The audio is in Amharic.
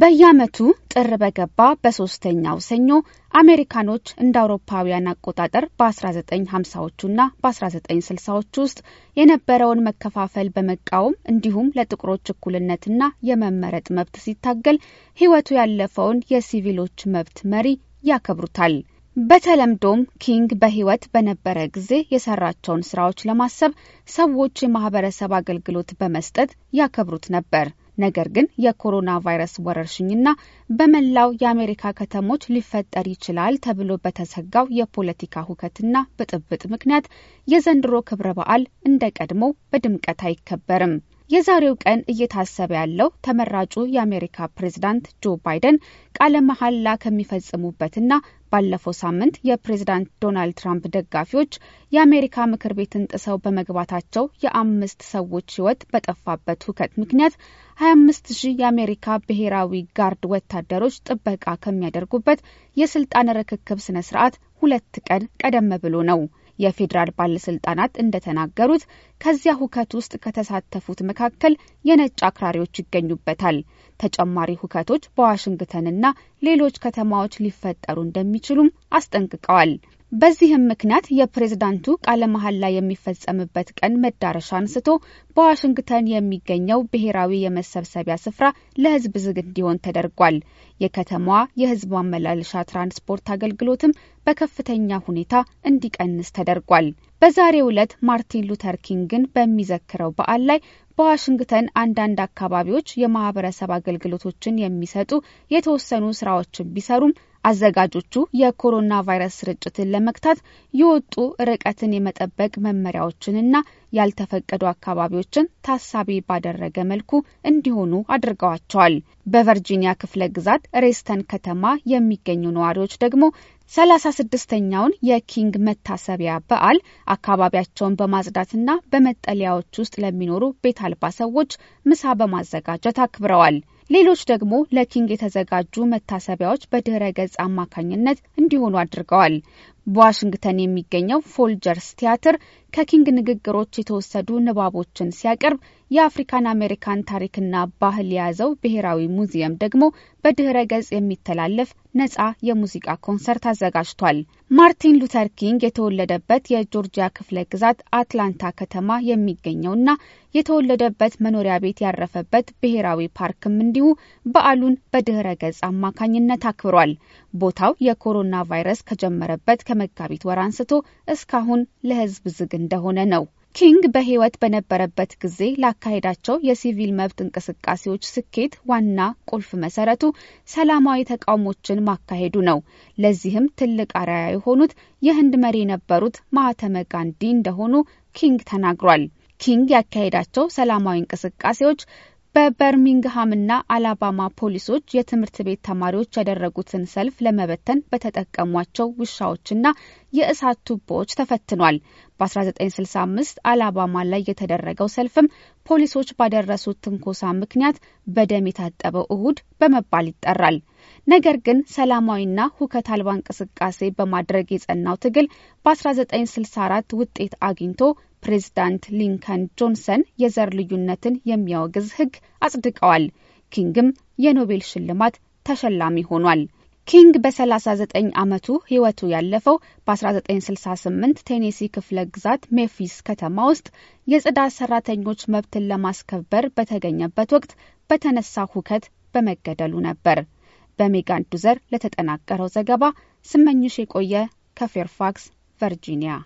በየዓመቱ ጥር በገባ በሶስተኛው ሰኞ አሜሪካኖች እንደ አውሮፓውያን አቆጣጠር በ1950ዎቹና በ1960ዎቹ ውስጥ የነበረውን መከፋፈል በመቃወም እንዲሁም ለጥቁሮች እኩልነትና የመመረጥ መብት ሲታገል ሕይወቱ ያለፈውን የሲቪሎች መብት መሪ ያከብሩታል። በተለምዶም ኪንግ በህይወት በነበረ ጊዜ የሰራቸውን ስራዎች ለማሰብ ሰዎች የማህበረሰብ አገልግሎት በመስጠት ያከብሩት ነበር። ነገር ግን የኮሮና ቫይረስ ወረርሽኝና በመላው የአሜሪካ ከተሞች ሊፈጠር ይችላል ተብሎ በተሰጋው የፖለቲካ ሁከትና ብጥብጥ ምክንያት የዘንድሮ ክብረ በዓል እንደ ቀድሞ በድምቀት አይከበርም። የዛሬው ቀን እየታሰበ ያለው ተመራጩ የአሜሪካ ፕሬዝዳንት ጆ ባይደን ቃለ መሐላ ከሚፈጽሙበትና ባለፈው ሳምንት የፕሬዝዳንት ዶናልድ ትራምፕ ደጋፊዎች የአሜሪካ ምክር ቤትን ጥሰው በመግባታቸው የአምስት ሰዎች ሕይወት በጠፋበት ሁከት ምክንያት ሀያ አምስት ሺህ የአሜሪካ ብሔራዊ ጋርድ ወታደሮች ጥበቃ ከሚያደርጉበት የስልጣን ርክክብ ስነ ስርዓት ሁለት ቀን ቀደም ብሎ ነው። የፌዴራል ባለስልጣናት እንደተናገሩት ከዚያ ሁከት ውስጥ ከተሳተፉት መካከል የነጭ አክራሪዎች ይገኙበታል። ተጨማሪ ሁከቶች በዋሽንግተንና ሌሎች ከተማዎች ሊፈጠሩ እንደሚችሉም አስጠንቅቀዋል። በዚህም ምክንያት የፕሬዝዳንቱ ቃለ መሐላ የሚፈጸምበት ቀን መዳረሻ አንስቶ በዋሽንግተን የሚገኘው ብሔራዊ የመሰብሰቢያ ስፍራ ለሕዝብ ዝግ እንዲሆን ተደርጓል። የከተማዋ የሕዝብ ማመላለሻ ትራንስፖርት አገልግሎትም በከፍተኛ ሁኔታ እንዲቀንስ ተደርጓል። በዛሬው ዕለት ማርቲን ሉተር ኪንግን በሚዘክረው በዓል ላይ በዋሽንግተን አንዳንድ አካባቢዎች የማህበረሰብ አገልግሎቶችን የሚሰጡ የተወሰኑ ስራዎችን ቢሰሩም አዘጋጆቹ የኮሮና ቫይረስ ስርጭትን ለመግታት የወጡ ርቀትን የመጠበቅ መመሪያዎችንና ያልተፈቀዱ አካባቢዎችን ታሳቢ ባደረገ መልኩ እንዲሆኑ አድርገዋቸዋል። በቨርጂኒያ ክፍለ ግዛት ሬስተን ከተማ የሚገኙ ነዋሪዎች ደግሞ ሰላሳ ስድስተኛውን የኪንግ መታሰቢያ በዓል አካባቢያቸውን በማጽዳትና በመጠለያዎች ውስጥ ለሚኖሩ ቤት አልባ ሰዎች ምሳ በማዘጋጀት አክብረዋል። ሌሎች ደግሞ ለኪንግ የተዘጋጁ መታሰቢያዎች በድህረ ገጽ አማካኝነት እንዲሆኑ አድርገዋል። በዋሽንግተን የሚገኘው ፎልጀርስ ቲያትር ከኪንግ ንግግሮች የተወሰዱ ንባቦችን ሲያቀርብ የአፍሪካን አሜሪካን ታሪክና ባህል የያዘው ብሔራዊ ሙዚየም ደግሞ በድህረ ገጽ የሚተላለፍ ነጻ የሙዚቃ ኮንሰርት አዘጋጅቷል። ማርቲን ሉተር ኪንግ የተወለደበት የጆርጂያ ክፍለ ግዛት አትላንታ ከተማ የሚገኘውና የተወለደበት መኖሪያ ቤት ያረፈበት ብሔራዊ ፓርክም እንዲሁ በዓሉን በድህረ ገጽ አማካኝነት አክብሯል። ቦታው የኮሮና ቫይረስ ከጀመረበት ከመጋቢት ወር አንስቶ እስካሁን ለህዝብ ዝግ እንደሆነ ነው። ኪንግ በህይወት በነበረበት ጊዜ ላካሄዳቸው የሲቪል መብት እንቅስቃሴዎች ስኬት ዋና ቁልፍ መሰረቱ ሰላማዊ ተቃውሞችን ማካሄዱ ነው። ለዚህም ትልቅ አርአያ የሆኑት የህንድ መሪ የነበሩት ማህተመ ጋንዲ እንደሆኑ ኪንግ ተናግሯል። ኪንግ ያካሄዳቸው ሰላማዊ እንቅስቃሴዎች በበርሚንግሃምና አላባማ ፖሊሶች የትምህርት ቤት ተማሪዎች ያደረጉትን ሰልፍ ለመበተን በተጠቀሟቸው ውሻዎችና የእሳት ቱቦዎች ተፈትኗል። በ1965 አላባማ ላይ የተደረገው ሰልፍም ፖሊሶች ባደረሱት ትንኮሳ ምክንያት በደም የታጠበው እሁድ በመባል ይጠራል። ነገር ግን ሰላማዊና ሁከት አልባ እንቅስቃሴ በማድረግ የጸናው ትግል በ1964 ውጤት አግኝቶ ፕሬዚዳንት ሊንከን ጆንሰን የዘር ልዩነትን የሚያወግዝ ሕግ አጽድቀዋል። ኪንግም የኖቤል ሽልማት ተሸላሚ ሆኗል። ኪንግ በ39 ዓመቱ ሕይወቱ ያለፈው በ1968 ቴኔሲ ክፍለ ግዛት ሜፊስ ከተማ ውስጥ የጽዳት ሰራተኞች መብትን ለማስከበር በተገኘበት ወቅት በተነሳ ሁከት በመገደሉ ነበር። በሜጋን ዱዘር ለተጠናቀረው ዘገባ ስመኝሽ የቆየ ከፌርፋክስ ቨርጂኒያ